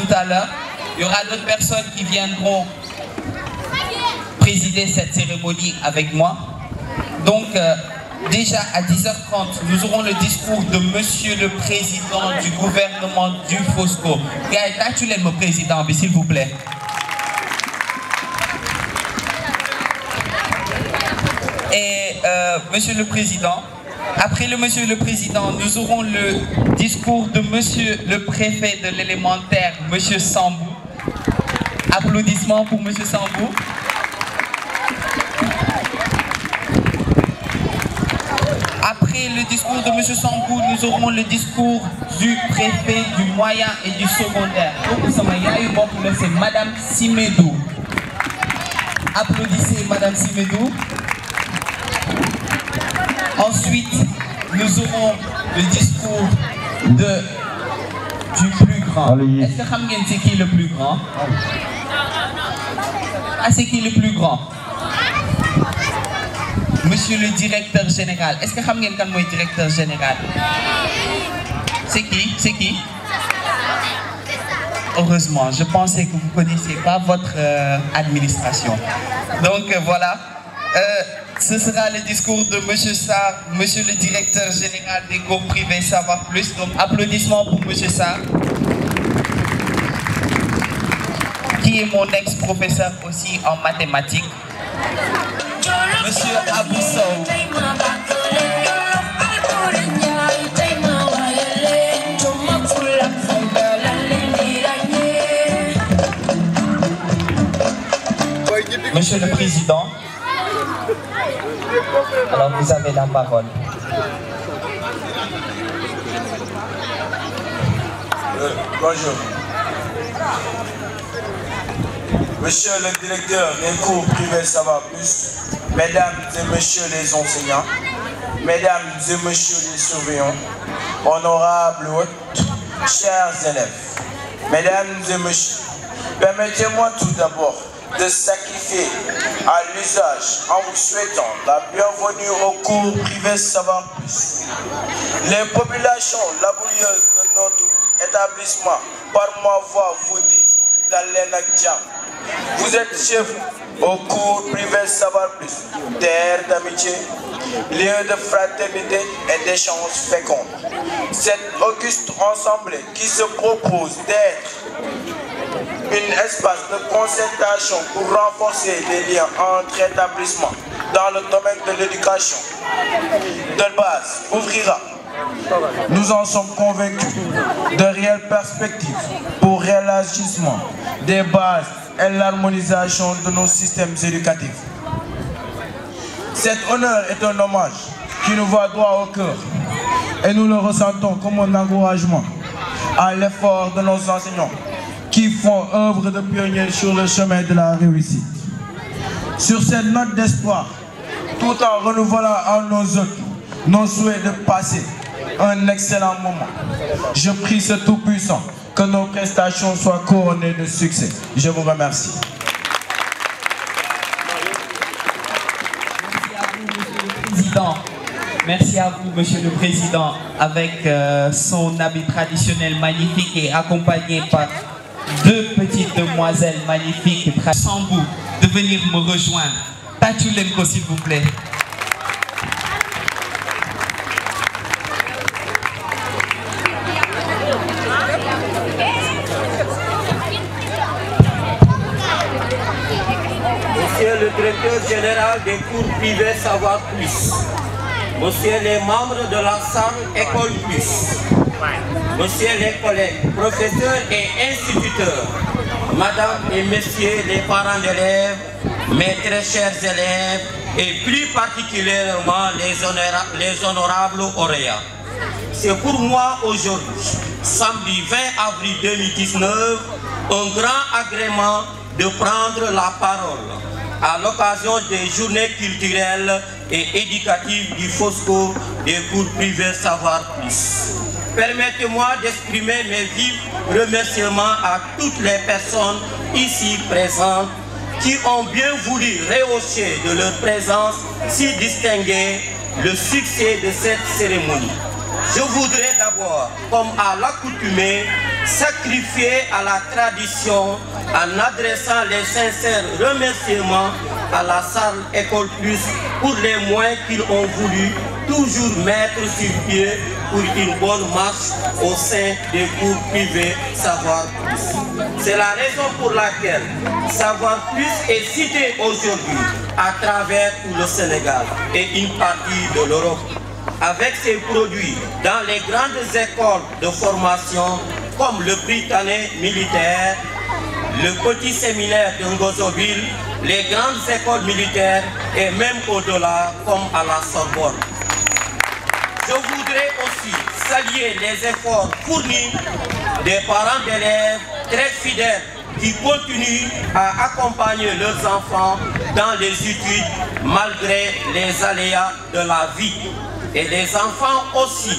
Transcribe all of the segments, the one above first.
tout à l'heure. Il y aura d'autres personnes qui viendront présider cette cérémonie avec moi. Donc, euh, déjà à 10h30, nous aurons le discours de Monsieur le Président du gouvernement du Fosco. Gaëtan, tu l'aimes, Président, s'il vous plaît. Et euh, Monsieur le Président, après le Monsieur le Président, nous aurons le discours de Monsieur le Préfet de l'élémentaire, Monsieur Sambou. Applaudissements pour Monsieur Sambou. Après le discours de Monsieur Sambou, nous aurons le discours du préfet du moyen et du secondaire. C'est Madame Simedou. Applaudissez Madame Simedou. Ensuite, nous aurons le discours de, du plus grand. Est-ce que Khamgen, c'est qui le plus grand Ah, c'est qui le plus grand Monsieur le directeur général. Est-ce que Khamgen, quand le directeur général C'est qui C'est qui Heureusement, je pensais que vous ne connaissiez pas votre euh, administration. Donc euh, voilà. Euh, ce sera le discours de Monsieur Sarr, Monsieur le directeur général des cours privés Savoir Plus. Donc applaudissements pour Monsieur Sarr, qui est mon ex-professeur aussi en mathématiques. Monsieur Aboussou. Monsieur le Président, alors vous avez la parole. Euh, bonjour. Monsieur le directeur des cours privés va Plus, Mesdames et Messieurs les enseignants, Mesdames et Messieurs les surveillants, honorables hôtes, chers élèves, Mesdames et Messieurs, permettez-moi tout d'abord de sacrifier à l'usage en vous souhaitant la bienvenue au cours privé Savoir Plus. Les populations laborieuses de notre établissement, par ma voix, vous disent d'Alain Vous êtes chez vous au cours privé Savoir Plus, terre d'amitié, lieu de fraternité et d'échange fécondes. Cette auguste ensemble qui se propose d'être un espace de concertation pour renforcer les liens entre établissements dans le domaine de l'éducation. De base ouvrira, nous en sommes convaincus, de réelles perspectives pour l'élargissement des bases et l'harmonisation de nos systèmes éducatifs. Cet honneur est un hommage qui nous va droit au cœur et nous le ressentons comme un encouragement à l'effort de nos enseignants qui font œuvre de pionniers sur le chemin de la réussite. Sur cette note d'espoir, tout en renouvelant à nos autres nos souhaits de passer un excellent moment, je prie ce Tout-Puissant que nos prestations soient couronnées de succès. Je vous remercie. Merci à vous, Monsieur le Président, avec euh, son habit traditionnel magnifique et accompagné par deux petites demoiselles magnifiques. sans vous, de venir me rejoindre. Tatou Lemko, s'il vous plaît. Monsieur le directeur général des cours privés Savoir Plus, Monsieur les membres de l'ensemble École Plus, Monsieur les collègues, professeurs et instituteurs, Madame et Messieurs les parents d'élèves, mes très chers élèves et plus particulièrement les, les honorables Orea. C'est pour moi aujourd'hui, samedi 20 avril 2019, un grand agrément de prendre la parole à l'occasion des journées culturelles et éducatives du FOSCO des cours privés Savoir Plus permettez-moi d'exprimer mes vifs remerciements à toutes les personnes ici présentes qui ont bien voulu rehausser de leur présence si distinguée le succès de cette cérémonie. Je voudrais d'abord, comme à l'accoutumée, sacrifier à la tradition en adressant les sincères remerciements à la salle École Plus pour les moyens qu'ils ont voulu toujours mettre sur pied pour une bonne marche au sein des cours privés Savoir Plus. C'est la raison pour laquelle Savoir Plus est cité aujourd'hui à travers le Sénégal et une partie de l'Europe. Avec ses produits dans les grandes écoles de formation comme le Britannique militaire, le petit séminaire de Ngozoville, les grandes écoles militaires et même au-delà comme à la Sorbonne les efforts fournis des parents d'élèves très fidèles qui continuent à accompagner leurs enfants dans les études malgré les aléas de la vie. Et les enfants aussi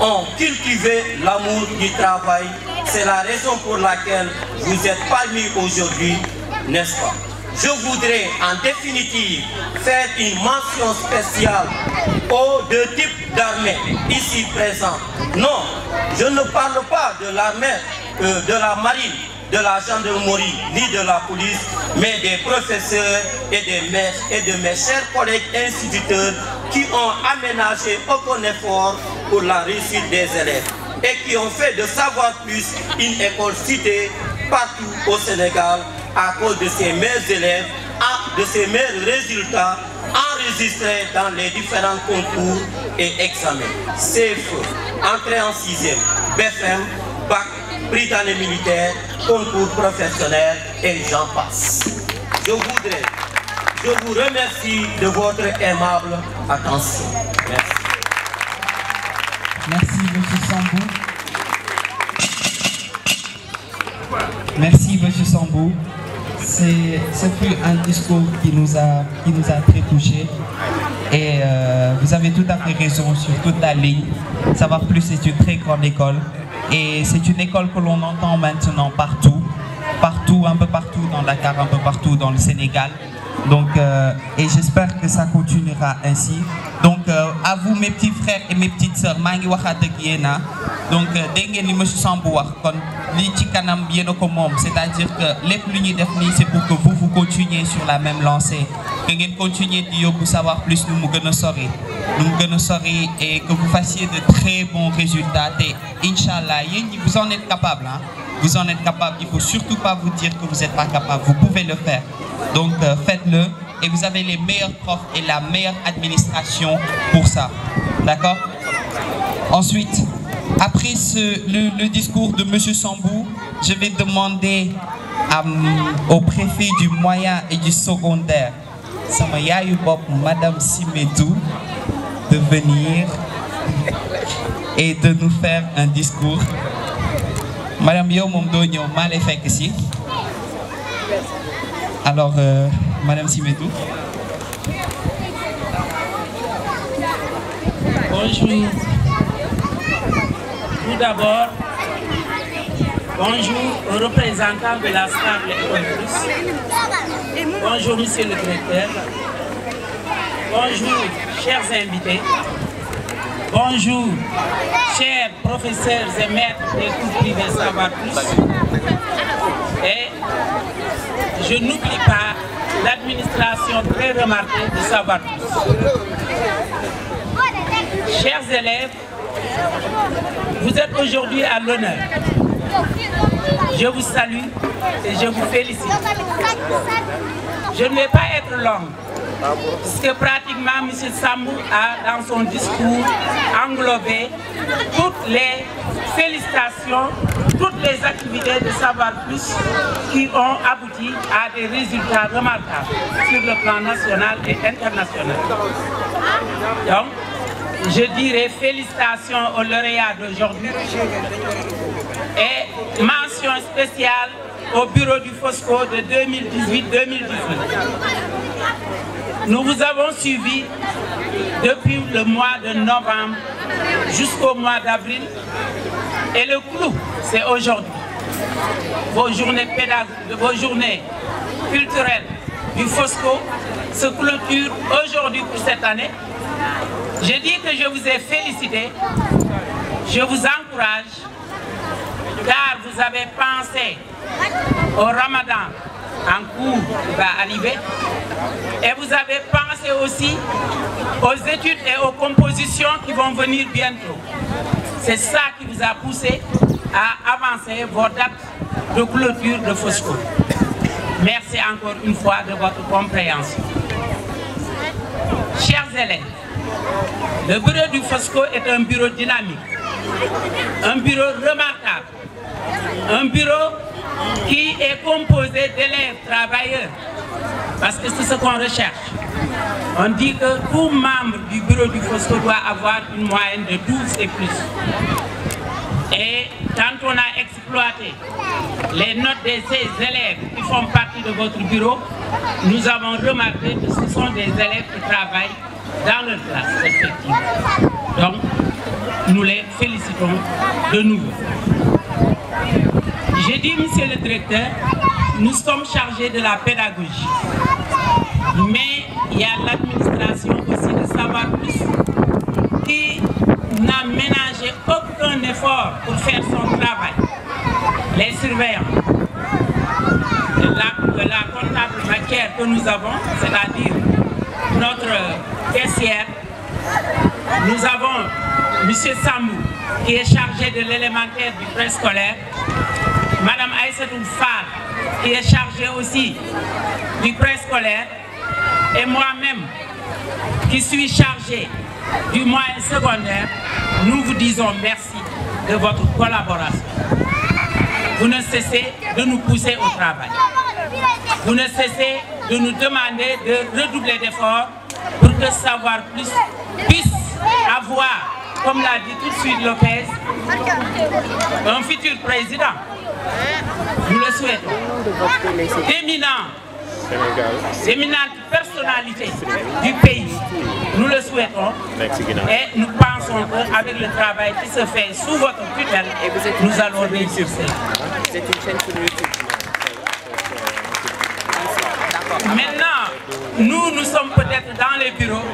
ont cultivé l'amour du travail. C'est la raison pour laquelle vous êtes parmi aujourd'hui, n'est-ce pas Je voudrais en définitive faire une mention spéciale aux deux types d'armées ici présents. Non, je ne parle pas de l'armée, euh, de la marine, de la gendarmerie, ni de la police, mais des professeurs et des et de mes chers collègues instituteurs qui ont aménagé aucun effort pour la réussite des élèves et qui ont fait de savoir plus une école citée partout au Sénégal à cause de ces meilleurs élèves, de ces meilleurs résultats enregistré dans les différents concours et examens. CFE, entrée en 6e, BFM, BAC, Britannique militaire, concours professionnel et j'en passe. Je voudrais, je vous remercie de votre aimable attention. Merci. Merci, M. Sambou. Merci, M. Sambou c'est un discours qui nous a, qui nous a très touchés. Et euh, vous avez tout à fait raison sur toute la ligne. Savoir plus, c'est une très grande école. Et c'est une école que l'on entend maintenant partout, partout, un peu partout dans la Dakar, un peu partout dans le Sénégal. Donc, euh, et j'espère que ça continuera ainsi. Donc, euh, à vous, mes petits frères et mes petites sœurs, Mangi Wahata Guyena. Ah. Donc, euh, Dengue ni Monsieur Sambouar, l'Itikanam Bienokomom, c'est-à-dire que les plus définis, c'est pour que vous, vous continuiez sur la même lancée. Que vous continuez de pour savoir plus, nous nous sorry. Nous sorry et que vous fassiez de très bons résultats. Et Inch'Allah, vous en êtes capable. Hein? Ah. Vous en êtes capable. Il ne faut surtout pas vous dire que vous n'êtes pas capable. Vous pouvez le faire. Donc euh, faites-le. Et vous avez les meilleurs profs et la meilleure administration pour ça. D'accord Ensuite, après le, discours de M. Sambou, je vais demander euh, au préfet du moyen et du secondaire, Madame Simedou, de venir et de nous faire un discours madame yow mal mal que alors euh, madame Simetou. bonjour tout d'abord bonjour aux représentants de la stable et bonjour monsieur le directeur bonjour chers invités Bonjour, chers professeurs et maîtres des cours privés Savoir Et je n'oublie pas l'administration très remarquée de Savoir Chers élèves, vous êtes aujourd'hui à l'honneur. Je vous salue et je vous félicite. Je ne vais pas être long que pratiquement, M. Sambou a, dans son discours, englobé toutes les félicitations, toutes les activités de Savoir Plus qui ont abouti à des résultats remarquables sur le plan national et international. Donc, je dirais félicitations aux lauréats d'aujourd'hui et mention spéciale au bureau du FOSCO de 2018-2019. Nous vous avons suivi depuis le mois de novembre jusqu'au mois d'avril. Et le clou, c'est aujourd'hui. Vos journées culturelles du FOSCO se clôturent aujourd'hui pour cette année. Je dis que je vous ai félicité. Je vous encourage car vous avez pensé au ramadan en cours va arriver. Et vous avez pensé aussi aux études et aux compositions qui vont venir bientôt. C'est ça qui vous a poussé à avancer vos dates de clôture de Fosco. Merci encore une fois de votre compréhension. Chers élèves, le bureau du Fosco est un bureau dynamique, un bureau remarquable un bureau qui est composé d'élèves travailleurs, parce que c'est ce qu'on recherche. On dit que tout membre du bureau du FOSCO doit avoir une moyenne de 12 et plus. Et quand on a exploité les notes de ces élèves qui font partie de votre bureau, nous avons remarqué que ce sont des élèves qui travaillent dans leur classe Donc, nous les félicitons de nouveau. J'ai dit, monsieur le directeur, nous sommes chargés de la pédagogie. Mais il y a l'administration aussi de savoir qui n'a ménagé aucun effort pour faire son travail. Les surveillants, la, la comptable Maquère que nous avons, c'est-à-dire notre caissière, nous avons monsieur Sam qui est chargée de l'élémentaire du pré-scolaire, Madame Aïssatou Fall, qui est chargée aussi du pré-scolaire, et moi-même, qui suis chargée du moyen secondaire, nous vous disons merci de votre collaboration. Vous ne cessez de nous pousser au travail. Vous ne cessez de nous demander de redoubler d'efforts pour que savoir plus puisse avoir comme l'a dit tout de suite Lopez, un futur président. Nous le souhaitons. Éminent, éminente personnalité du pays. Nous le souhaitons et nous pensons qu'avec le travail qui se fait sous votre tutelle, nous allons réussir. sur Maintenant, nous, nous sommes peut-être dans les bureaux.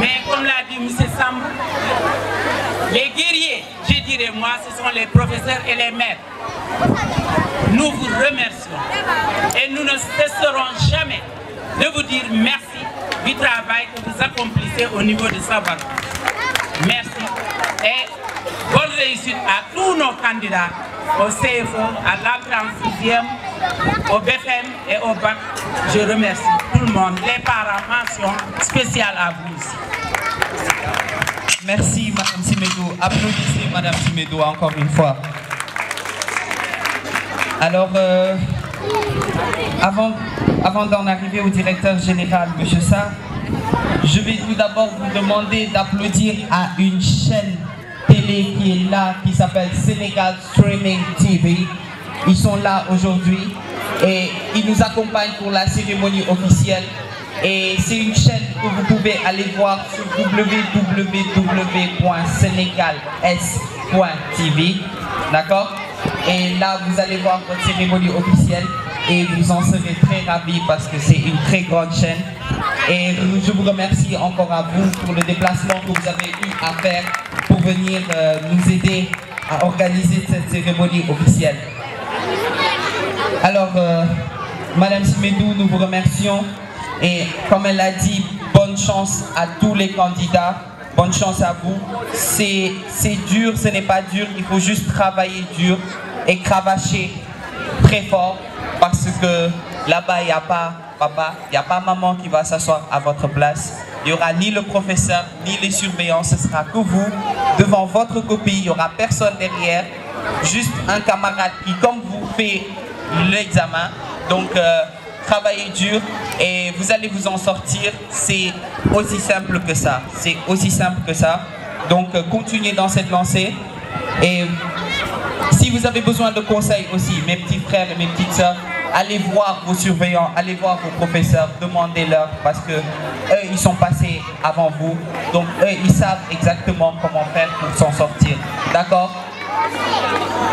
Mais comme l'a dit M. Sam, les guerriers, je dirais moi, ce sont les professeurs et les maîtres. Nous vous remercions et nous ne cesserons jamais de vous dire merci du travail que vous accomplissez au niveau de Sabar. Merci et bonne réussite à tous nos candidats au CFO, à la en 6e, au BFM et au BAC. Je remercie tout le monde, les parents, mention spéciale à vous Merci Madame Simedo. Applaudissez Madame Simedo encore une fois. Alors, euh, avant, avant d'en arriver au directeur général, monsieur Sarr, je vais tout d'abord vous demander d'applaudir à une chaîne télé qui est là, qui s'appelle Sénégal Streaming TV, ils sont là aujourd'hui et ils nous accompagnent pour la cérémonie officielle. Et c'est une chaîne que vous pouvez aller voir sur www.sénégals.tv. D'accord Et là, vous allez voir votre cérémonie officielle et vous en serez très ravis parce que c'est une très grande chaîne. Et je vous remercie encore à vous pour le déplacement que vous avez eu à faire pour venir euh, nous aider à organiser cette cérémonie officielle. Alors, euh, Madame Simedou, nous vous remercions et comme elle a dit, bonne chance à tous les candidats, bonne chance à vous. C'est dur, ce n'est pas dur, il faut juste travailler dur et cravacher très fort parce que là-bas, il n'y a pas papa, il n'y a pas maman qui va s'asseoir à votre place. Il n'y aura ni le professeur, ni les surveillants, ce sera que vous. Devant votre copie, il n'y aura personne derrière, juste un camarade qui, comme vous, l'examen. Donc, euh, travaillez dur et vous allez vous en sortir. C'est aussi simple que ça. C'est aussi simple que ça. Donc, euh, continuez dans cette lancée. Et si vous avez besoin de conseils aussi, mes petits frères et mes petites sœurs, allez voir vos surveillants, allez voir vos professeurs, demandez-leur parce que eux, ils sont passés avant vous. Donc, eux, ils savent exactement comment faire pour s'en sortir. D'accord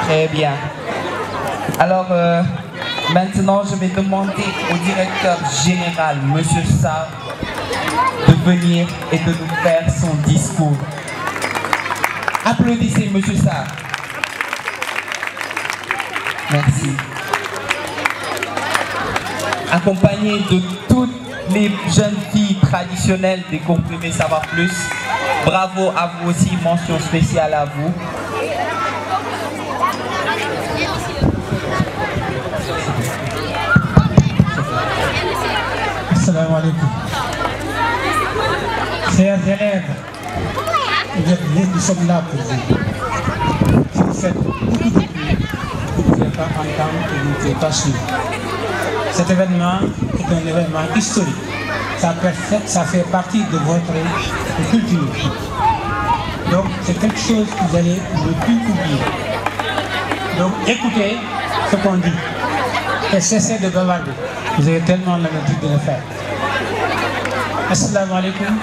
Très bien. Alors, euh, maintenant, je vais demander au directeur général, Monsieur Sarr, de venir et de nous faire son discours. Applaudissez, Monsieur Sarr. Merci. Accompagné de toutes les jeunes filles traditionnelles des comprimés Savoir Plus, bravo à vous aussi, mention spéciale à vous. C'est un Chers élèves, nous sommes là pour vous. Vous faites beaucoup de vous ne pouvez pas entendre et vous ne pouvez pas suivre. Cet événement est un événement historique. Ça fait, partie de votre culture. Donc c'est quelque chose que vous allez ne plus oublier. Donc écoutez ce qu'on dit et cessez de bavarder. Vous avez tellement l'habitude de le faire. Assalamu alaikum.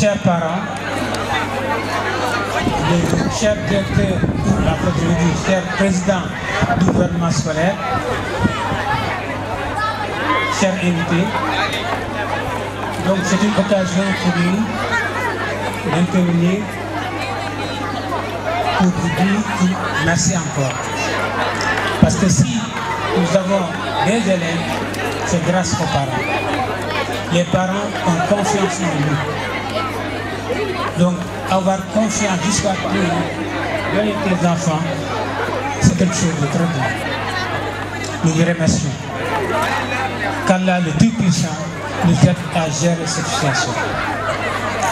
Chers parents, chers directeurs, chers présidents du gouvernement scolaire, chers invités, donc c'est une occasion pour nous d'intervenir pour vous dire merci encore. Parce que si nous avons des élèves, c'est grâce aux parents les parents ont confiance en nous. Donc, avoir confiance jusqu'à nous, avec les enfants, c'est quelque chose de très bon. Nous les remercions. Qu'Allah, le Tout-Puissant, nous aide à gérer cette situation.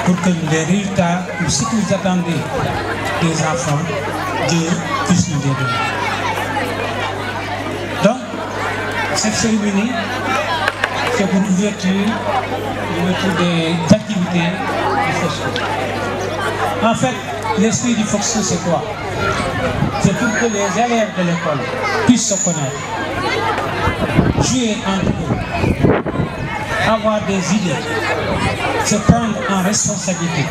Pour que les résultats, ou ce que vous attendez des enfants, Dieu puisse nous aider. Donc, cette cérémonie, c'est pour l'ouverture, des activités du En fait, l'esprit du fonctionnement, c'est quoi C'est pour que les élèves de l'école puissent se connaître, jouer entre eux, avoir des idées, se prendre en responsabilité.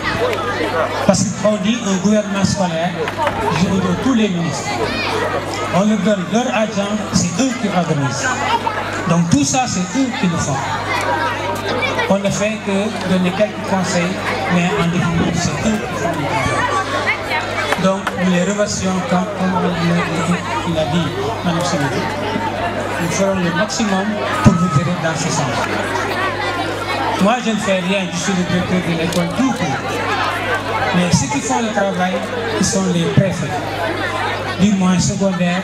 Parce qu'on dit un gouvernement scolaire, je vous donne tous les ministres. On leur donne leur agent, c'est eux qui organisent. Donc tout ça, c'est eux qui le font. On ne fait que donner quelques conseils, mais en définitive, c'est eux qui font le Donc nous les remercions comme, il l'a dit Mme Sénégal. Nous ferons le maximum pour vous aider dans ce sens. Moi, je ne fais rien, je suis le directeur de l'école du coup. Mais ceux qui font le travail, ce sont les préfets, du moins secondaire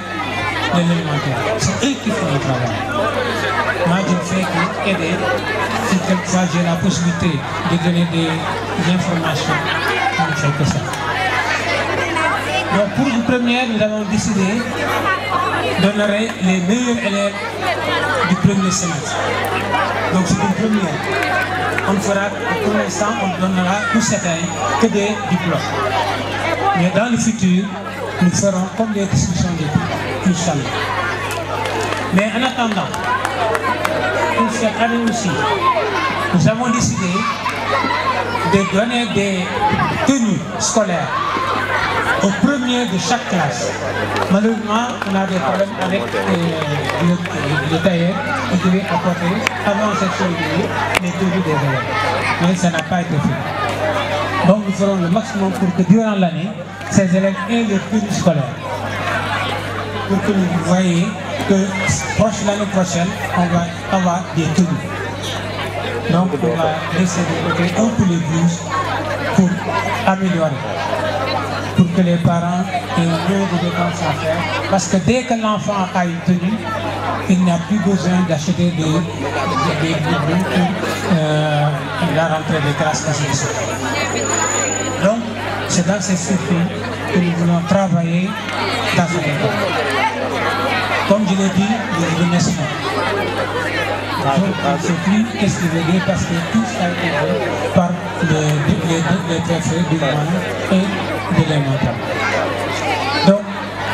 l'élémentaire. C'est eux qui font le travail. Moi, je ne fais qu'aider. Si quelquefois j'ai la possibilité de donner des, informations, je ne fais que ça. Donc, pour une première, nous avons décidé donner les meilleurs élèves du premier semestre. Donc, c'est une première. On fera, pour l'instant, on donnera pour certains que des diplômes. Mais dans le futur, nous ferons comme des discussions des mais en attendant, pour cette année aussi, nous avons décidé de donner des tenues scolaires aux premiers de chaque classe. Malheureusement, on a des problèmes avec euh, euh, le, tailleur On devait apporter avant cette soirée les tenues des élèves. Mais ça n'a pas été fait. Donc nous ferons le maximum pour que durant l'année, ces élèves aient des tenues scolaires pour que vous voyez que l'année prochaine, on va avoir des tenues. Donc on va laisser de côté un peu les blues pour améliorer, pour que les parents aient moins de dépenses à faire. Parce que dès que l'enfant a une tenue, il n'a plus besoin d'acheter des, des, pour euh, la rentrée des classes Donc, c'est dans ces circuits que nous voulons travailler dans ce monde. Mélodie, le remerciement. ce faut plus quest parce que tout ça été fait par le, le, le, le du Mali et de l'Émental. Donc,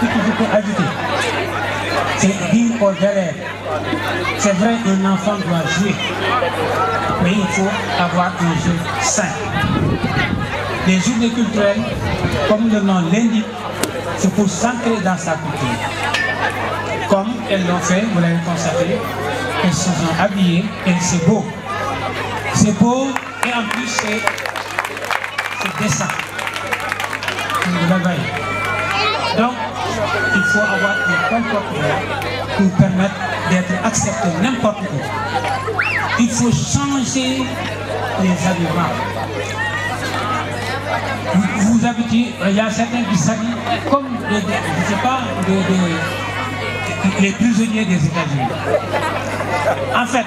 ce que je peux ajouter, c'est dire aux galère. c'est vrai, un enfant doit jouer, mais il faut avoir un jeu sain. Les journées culturelles, comme le nom l'indique, c'est pour s'ancrer dans sa culture comme elles l'ont fait, vous l'avez constaté, elles se sont habillées et c'est beau. C'est beau et en plus c'est C'est décent. Donc, il faut avoir des comportements pour permettre d'être accepté n'importe où. Il faut changer les habits. Vous, vous avez il y a certains qui s'habillent comme, de... je sais pas, de... des les prisonniers des États-Unis. En fait,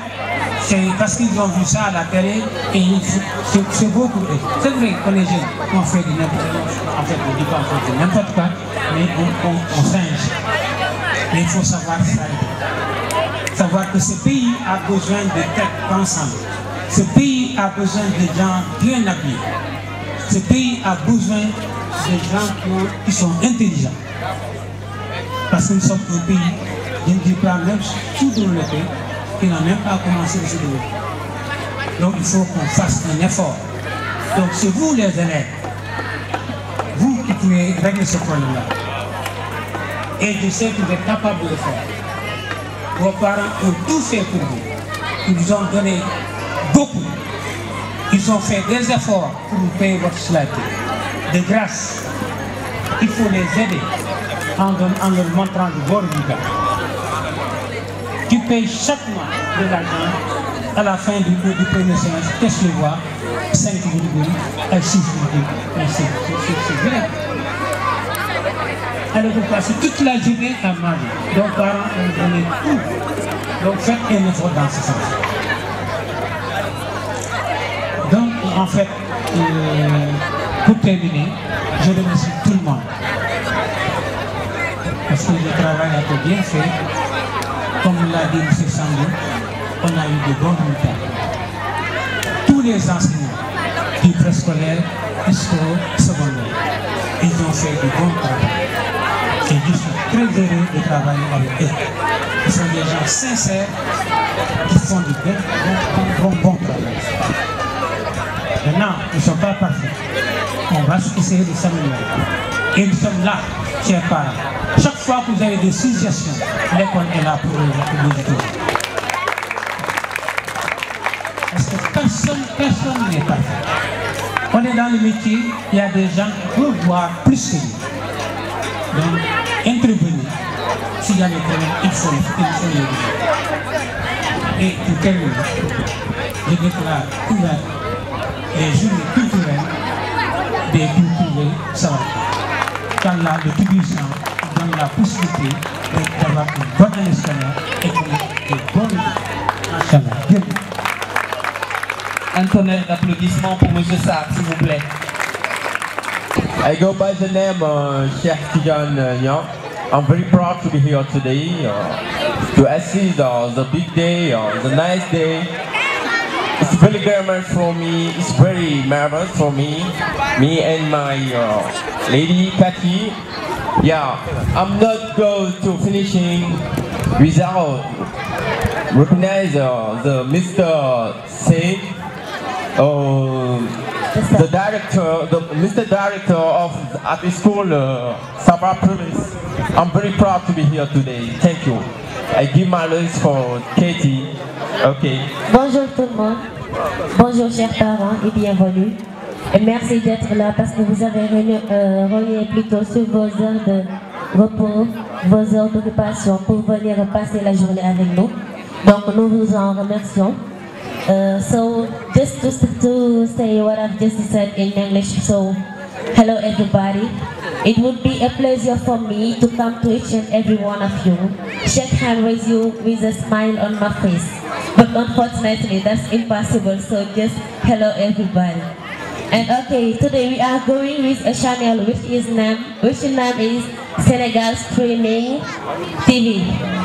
c'est parce qu'ils ont vu ça à la télé et c'est beaucoup. C'est vrai que les jeunes, on fait de n'importe quoi. En fait, on dit pas fait n'importe quoi, mais on, on, singe. Mais il faut savoir ça. Savoir que ce pays a besoin de têtes pensantes. Ce pays a besoin de gens bien habillés. Ce pays a besoin de gens qui sont intelligents. Parce que nous sommes un pays qui a des problèmes le pays qui n'a même pas commencé à se développer. Donc il faut qu'on fasse un effort. Donc c'est vous les élèves, vous qui pouvez régler ce problème-là. Et je sais que vous êtes capable de le faire. Vos parents ont tout fait pour vous. Ils vous ont donné beaucoup. Ils ont fait des efforts pour vous payer votre salaire. De grâce, il faut les aider en, en leur montrant le bord du gars. Tu payes chaque mois de l'argent. À la fin du, premier séance, qu'est-ce que tu vois 5 virgules à 6 Merci. C'est vrai. Alors vous passez toute la journée à manger. Donc parents, on donne tout. Donc faites un effort dans ce sens. Donc en fait, euh, pour terminer, je remercie tout le monde le travail a été bien fait. Comme l'a dit M. Sandou, on a eu de bons résultats. Tous les enseignants du préscolaire jusqu'au secondaire, ils ont fait du bon travail. Et je suis très heureux de travailler avec eux. Ils sont des gens sincères qui font du bon, pour bon, bon travail. Maintenant, ils ne sont pas parfaits. On va essayer de s'améliorer. Et nous sommes là, chers parents. Chaque fois que vous avez des suggestions, l'école est là pour vous Parce que personne, personne n'est parfait. On est dans le métier, il y a des gens qui veulent voir plus que nous. Donc, intervenir. S'il y a des problèmes, il faut les faire. Et pour quel moment, je déclare couvert les journées culturelles des cultures ça dans la dirigeant donne la possibilité d'avoir une bonne électionnaire et une bonne Inch'Allah. Un tonnerre d'applaudissements pour M. Sarr, s'il vous plaît. I go by the name uh, Sheikh Tijan Young. I'm very proud to be here today uh, to assist uh, the big day, uh, the nice day It's very glamorous for me. It's very marvelous for me. Me and my uh, lady Patty. Yeah, I'm not going to finishing without recognize uh, the Mr. Singh, uh, um, the director, the Mr. Director of at the school uh, Sabah Province. I'm very proud to be here today. Thank you. I give my list for Katie. Okay. Bonjour tout le monde. Bonjour chers parents et bienvenue. Et merci d'être là parce que vous avez renié euh, plutôt sur vos heures de repos, vos heures d'occupation pour venir passer la journée avec nous. Donc nous vous en remercions. Euh, so just to say what I've just said in English, so Hello, everybody. It would be a pleasure for me to come to each and every one of you, shake hands with you with a smile on my face. But unfortunately, that's impossible, so just hello, everybody. And okay, today we are going with a channel which is name, which name is Senegal Streaming TV.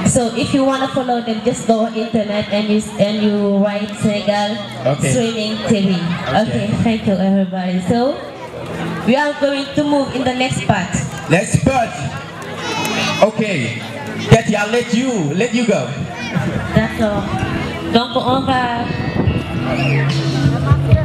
So if you want to follow them, just go on internet and you and you write Senegal okay. Streaming TV. Okay. okay, thank you everybody. So. We are going to move in the next part. Next part. Okay. Katie, I'll let you, let you go. D'accord. Donc on va...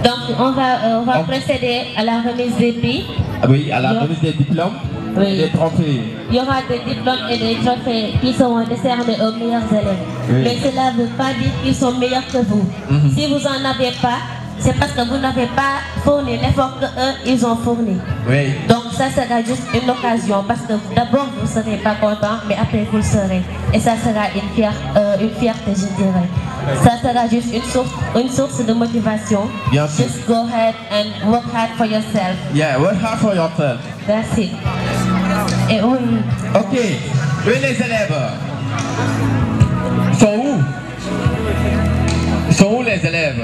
Donc on va, euh, on va procéder à la remise des prix. Ah oui, à la remise des diplômes. Oui. Des trophées. Il y aura des diplômes et des trophées qui seront décernés aux meilleurs élèves. Mais cela ne veut pas dire qu'ils sont meilleurs que vous. Mm-hmm. Si vous n'en avez pas, c'est parce que vous n'avez pas fourni l'effort qu'eux, ils ont fourni. Donc ça sera juste une occasion parce que d'abord vous ne serez pas content, mais après vous serez. Et ça sera euh, une, fierté, je dirais. Ça sera juste une source, une source de motivation. Bien sûr. Just go ahead and work hard for yourself. Yeah, work hard for yourself. That's it. Et on Ok, les élèves sont où Sont où les élèves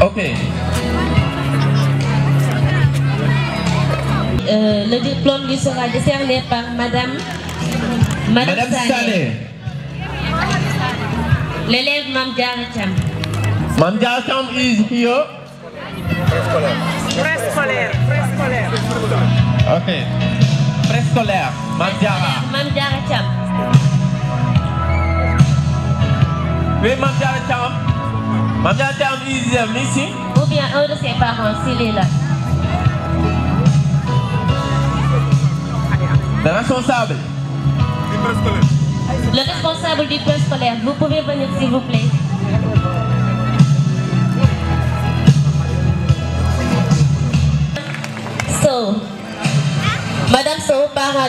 Oke. Okay. Euh, le diplôme lui sera décerné par Madame Madame, Madame Sané. L'élève Mamdiaracham. Mamdiaracham is here. Prescolaire. Prescolaire. Ok. Prescolaire. Mamdiara. Mamdiaracham. Oui, Mme Diarra Mme est venu ici. Ou bien un de ses parents, s'il est là. Le responsable. Le responsable du plan scolaire, vous pouvez venir s'il vous plaît. So, Madame So, parent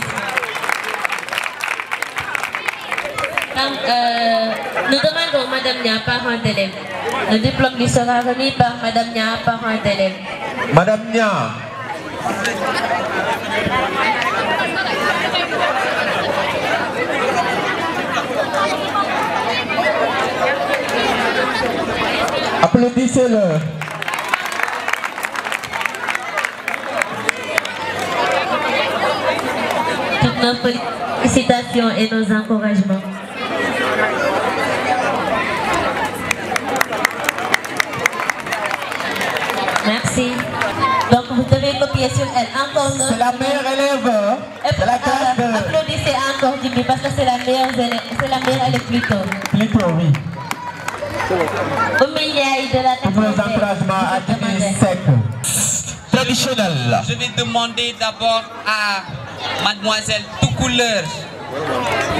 nous euh, demandons Madame Nia, un d'élève. Le diplôme lui sera remis par Madame Nia, un d'élève. Madame Nia. Applaudissez-le. Toutes nos félicitations et nos encouragements. vous devez copier sur elle. Encore C'est la meilleure élève hein, de la classe euh, Applaudissez encore Jimmy parce que c'est la meilleure élève, c'est la meilleure élève plutôt. Plutôt, oui. Omeyaï de la Pour les encouragements à Jimmy Sec. Traditionnel. Je vais demander d'abord à mademoiselle tout couleur.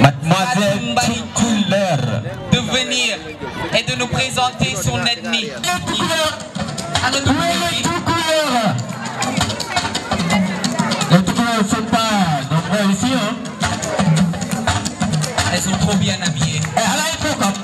Mademoiselle Toucouleur de venir et de nous présenter son ethnie. À notre ne sont pas nombreux ici. Hein. Elles sont trop bien habillées. Et eh, à la époque, hein.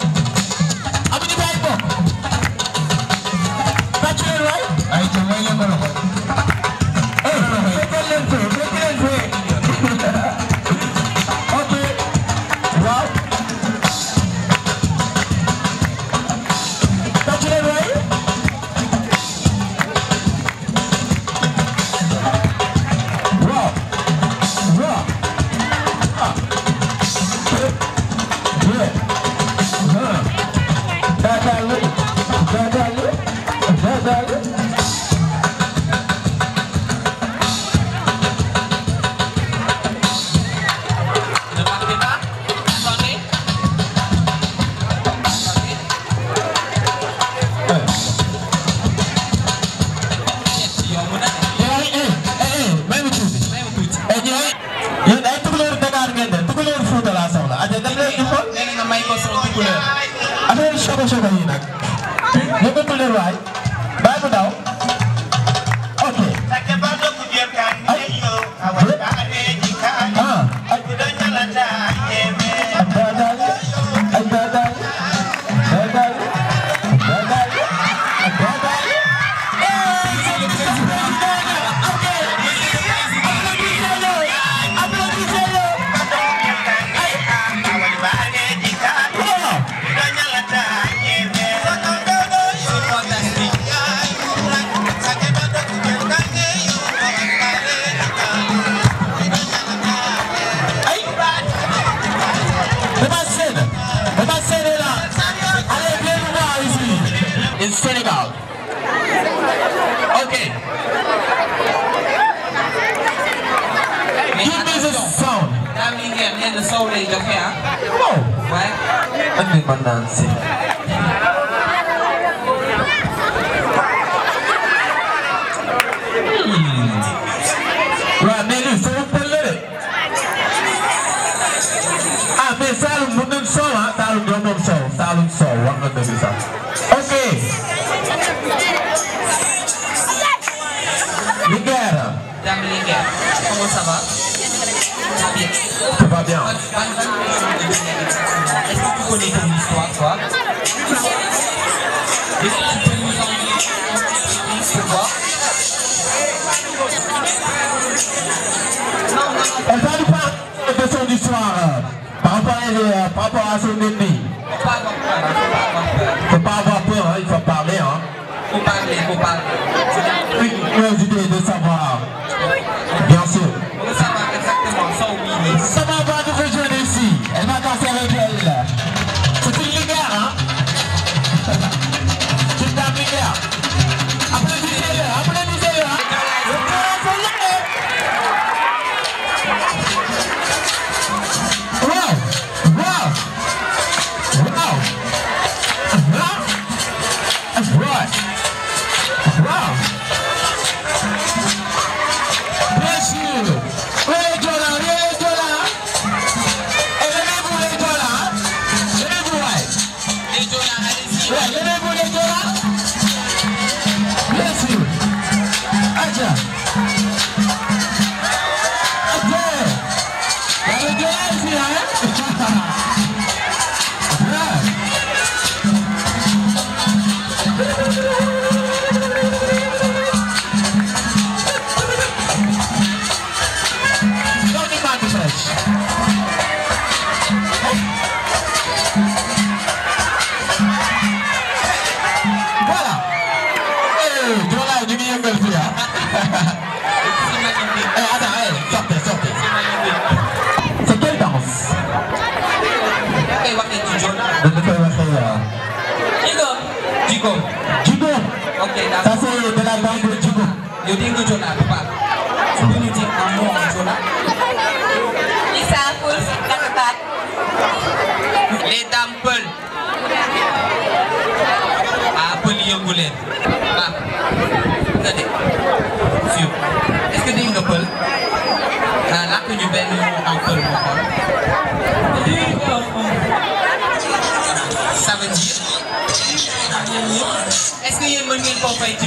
est ce que yéen mën ngeen koo fay ci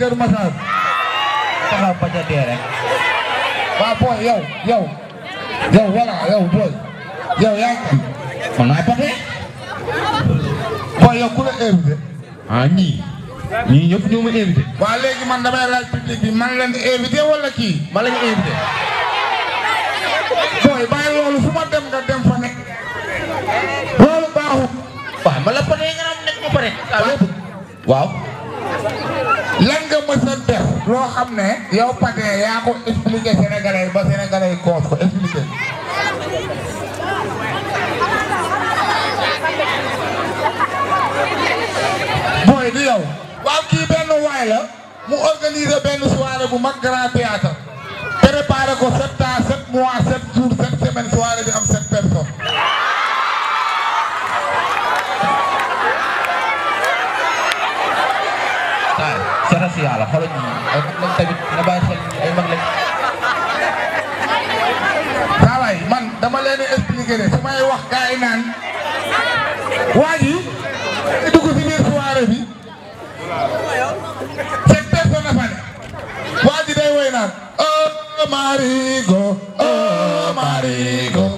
ke rumah saya kenapa jadi ya? derek boy, yo, yo, yo, wala, yo, boy, yo, yaki, mengapa deh? Boy, yo, kule emde, ani, ni nyok nyuma emde. Balik man damai lagi di man lan emde wala ki, balik emde. Boy, bayar lolo semua dem gak dem panek, lolo bahu, bah malah panek ngeram nek mau panek, wow. lenga nga mës def lo xam yow paté ya ko expliquer Sénégalais ba Sénégalais ko ko expliquer boy di yow. wa ki ben way la mu organiser ben soirée bu mag grand théâtre préparer ko 7 ans 7 mois 7 jours 7 semaines soirée bi am 7 personnes. xarañ ay mag lañ tamit ay mag lañ man dama leen expliqué ne eh. samay wax gaay naan waa ji dugg si biir soirée bi oh marigo oh marigo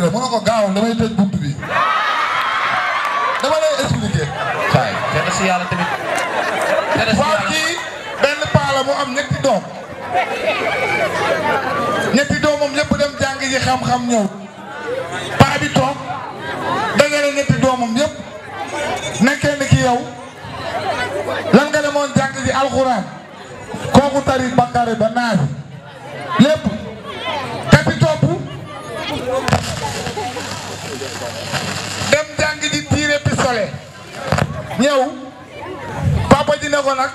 bi la mu ne ko gaawal damay tëj buntu bi dama lay expliquer. waaye kenn benn paa mu am ñetti doom. ñetti doomam yëpp dem jàng ji xam-xam ñëw. paa bi toog dajale ñetti doomam yëpp nekkee ni ki yow lan nga jàng ji alxuraan kooku tari bakare ba naaj lépp. dem jàng di tiire pistolet ñëw papa ji ko nag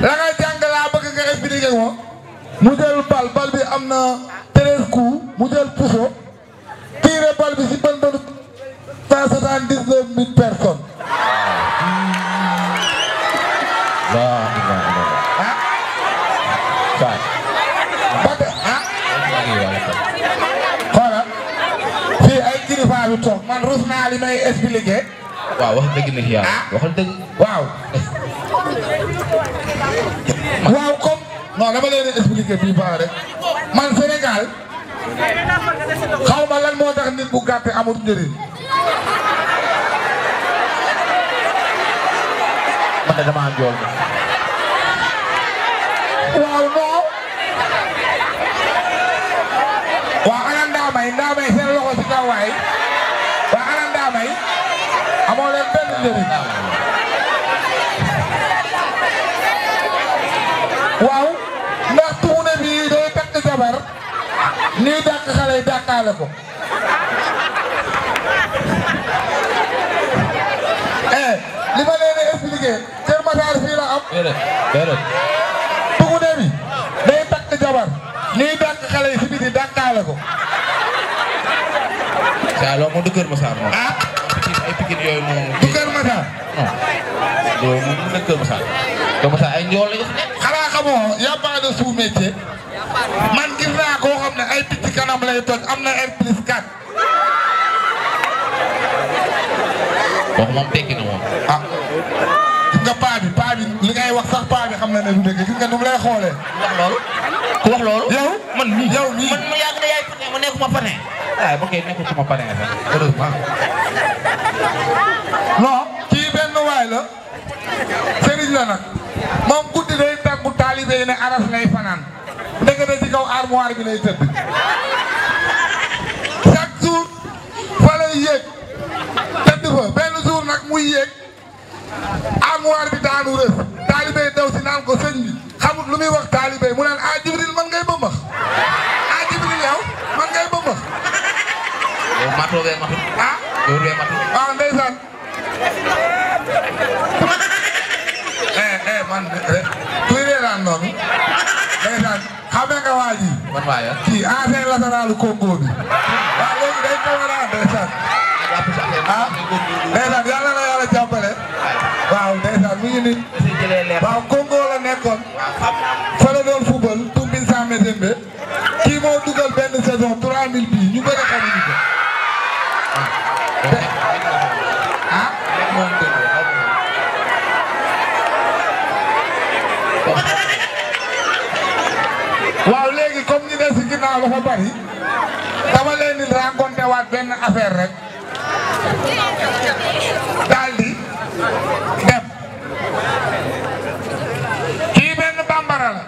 la jàng laa bëgg nga expliqué ko mu jël bal bal bi am na treize coups mu jël puso tiire bal bi si bën doon cent soixante-dix-neuf mille personnes yu toog man ruus naa waaw wax dëgg nag yàlla ah. waxal dëgg. waaw. waaw man Sénégal xaw ma moo tax nit bu gàtte amul njëriñ. man de damaa la rek waaw ndax tuune bi day takk jabar nii dàq xale yi dàqaale ko eh li ma leen di Kër Massar fii la am tuune bi day takk jabar nii dàq xale yi si biti dàqaale ko Massar. waaw loolu moom mu nekk Kër Massar. Kër Massar ay njool nekk. xanaa xamoo y' a pas de sous métier. man gis naa koo am na R ah. wax sax paa bi xam na ne du dëgg ma yàgg ma sëriñ la nag moom guddi day tàggu taalibe yi ne aras lay fanaan ndekete ci kaw armoire bi lay tëdd chaque jour fa lay yéeg tëdd fa benn jour nag muy yéeg armoire bi daanu rëf taalibe daw si naan ko sëñ bi xamut lu muy wax taalibe mu naan ah man ngay bëmbax ah Jibril man ngay bëmbax yow matoo ngay matu reeraan eh, eh, kuy reeraan noonu. ndeysaan xam nga waa ah. kii ancien latéral Congo bi. waaw day tawara ndeysaan. ah ndeysaan yàlla na yàlla jàppale. waaw ndeysaan mi ngi nii. waaw Congo la nekkoon. fa la doon football Tumbin kii moo dugal benn saison 3000. dafa bari dama leen di raconté waat benn affaire rek daal di dem kii benn bambara la.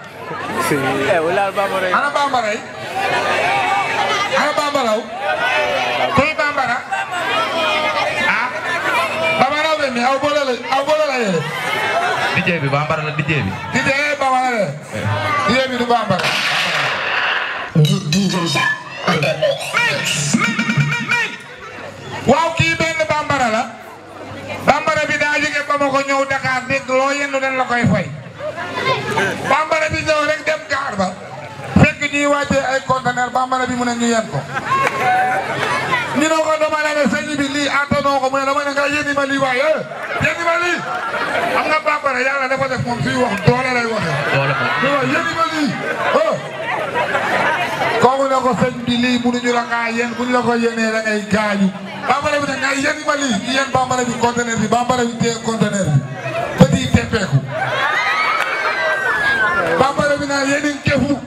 Eh, ana bambara yi ana bambaraw kuy bambara ah bambaraw bi mi aw boole la aw boole la yére. DJ bi bambara la DJ bi. DJ bambara la eh. DJ bi du bambara. Moussa waaw kii benn bambara la bambara bi daa jóge ba ma ko ñëw Dakar dégg loo yendu den la koy fay bambara bi ñëw rek dem gaar ba fekk ñuy wàccee ay conteneur bambara bi mu ne ñu yen ko ñu ne ko dama ne la sëñ bi lii àttanoo ko mu ne dama ne nga yéni ma lii waaye yéni ma lii xam nga bambara yàlla dafa def moom suy wax doole lay waxee. doole lay waxee ma lii oh. mu ne ko sëñ bi lii mënuñu la ngaa yéen bu ñu la ko yéenee da ngay gaañu bambara bi nag nga yéen ma lii ñu yéen bambara bi conteneur bi bambara kefu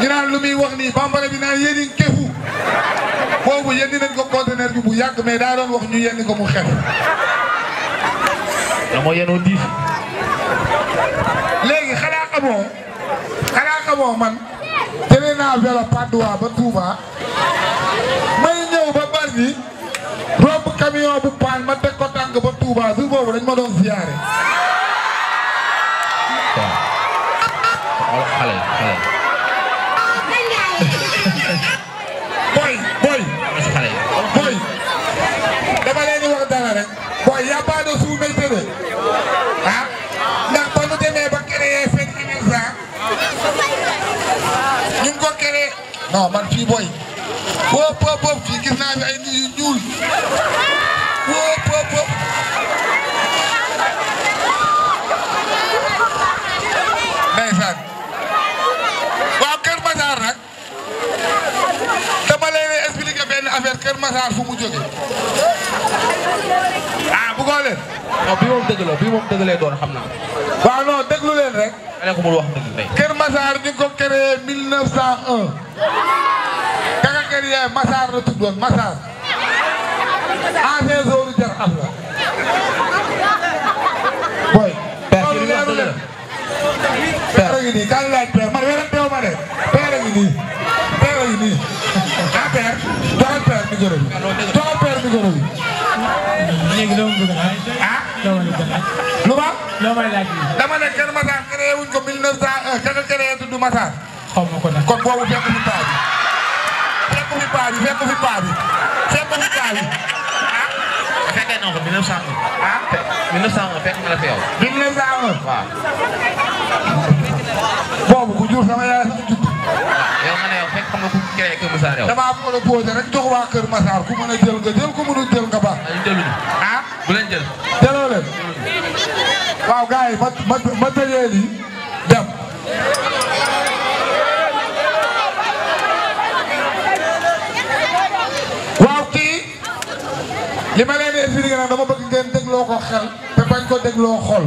ñu naan lu muy wax nii bambara bi naan yéen kefu boobu yéen nañ ko conteneur bi bu yàgg mais daa wax ñu yéen ko mu xef dama yénoo diif léegi xanaa xamoo xanaa xamoo man naa vélo Padois ba Touba may ñëw ba Bargny romb camion bu paan ma teg ko tànk ba Touba su boobu dañ ma doon ziyaare. non man fii booy wóop wóop wóop fii gis naa fi ay nit yu ñuul wóop wóop wóop ndeysaan waaw Kër Massar nag dama leen expliqué benn affaire Kër Massar fu mu jóge ah bu ko leen non bii moom dëgg la bii moom dëgg lay doon xam naa waaw non déglu leen rek. ma ne ko mën wax dëgg tey. Kër Massar ñu ko créé 1901. mais iya, masar la tuddoon Massar ancien zone jar ah, boy loolu ngi nii kan laaj père man weeram teew de père ngi nii père ngi nii ah père joxal père ah loo bëgg laaj lu ma loo may laaj dama ne kër Massar créé wuñ ko 1900 kër créé tudd Massar ko kon fekk paa bi fekk fi paa bi fekk fi paa bi ah. fekkee na ko 1901. ah 1901 fekk na la fi yow. 1901. waaw. boobu ku jur sama yaay sama judd. yow ma ne yow fekk nga ku créé Kër Masar yow. damaa ko la posé rek jox waa Kër Masar ku mën a jël nga jël ku mënul jël nga baax. ñu jëluñu. ah bu leen jël. jëloo leen. waaw gars yi ma ma ma tëjee lii. nag dama bëgg ngeen dégloo ko xel te bañ ko dégloo xol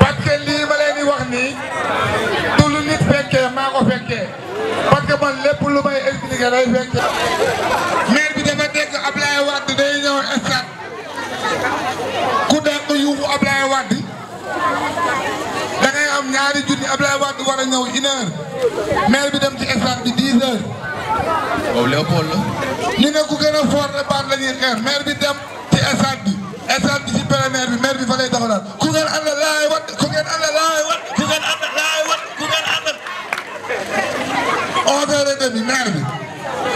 parce lii ma leen wax nii du lu nit fekkee maa ko fekkee parce man lépp lu may expliqué day fekkee. maire bi dafa dégg Ablaye Wade day ñëw stade ku dàq yuuxu Ablaye Wade da ngay am ñaari junni Ablaye Wade war a ñëw une heure bi dem ci stade bi dix waaw Léopold la. ñu ne ku gën a fort la baat la ñuy xeex maire bi dem ci stade bi stade bi ci plénière bi maire bi fa lay taxawal ku ngeen ànd laay wat ku ngeen ànd laay wat ku ngeen ànd laay wat ku ngeen ànd. on dirait que ni maire bi.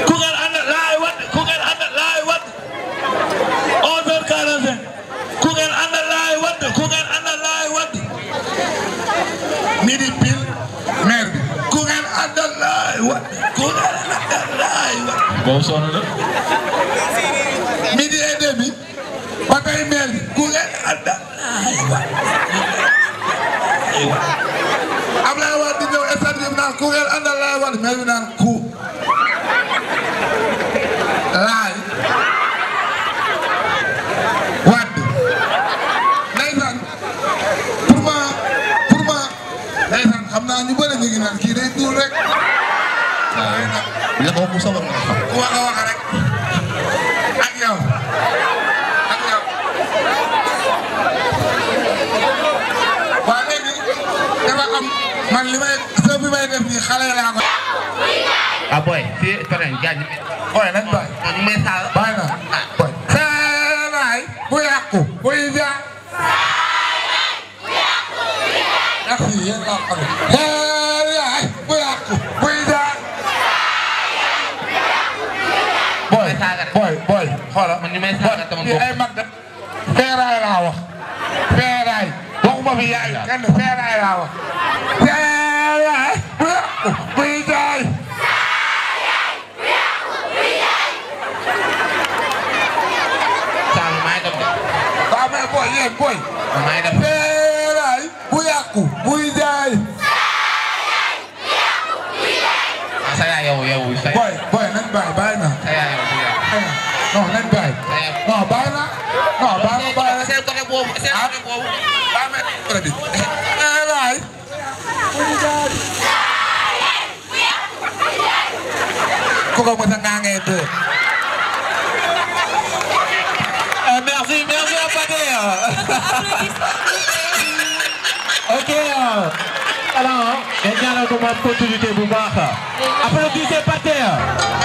ku ngeen ànd laay wat ku ngeen ànd laay wat. 11h45 ku ngeen ànd laay wat ku ngeen ànd laay wat. midi pile maire bi ku ngeen ànd laay wat ku ngeen. boobu sonn na. midi et demi ba tey meer bi ku ngeen adda aywa Ablaye Wade di ñëw stade bi naan ku ngeen àndal laay war meer bi naan ku. sama wax wax rek ak yow ak yow waaw léegi dafa am man li may soo bi may def nii xale laa ko. ah booy fii pare gaañ. booy nañ bàyyi. ñu may saa bàyyi na. baik, baik nak. Saya ayah dia. Noh, nan baik. Noh, baik nak. Noh, baik nak baik. Saya tak nak buat, saya tak nak buat. Baik nak berarti. Eh, lai. Kok kamu tengah itu? Merci, merci à Pater. ok. Alors, les gars, on commence pour tout du début. Applaudissez Pater.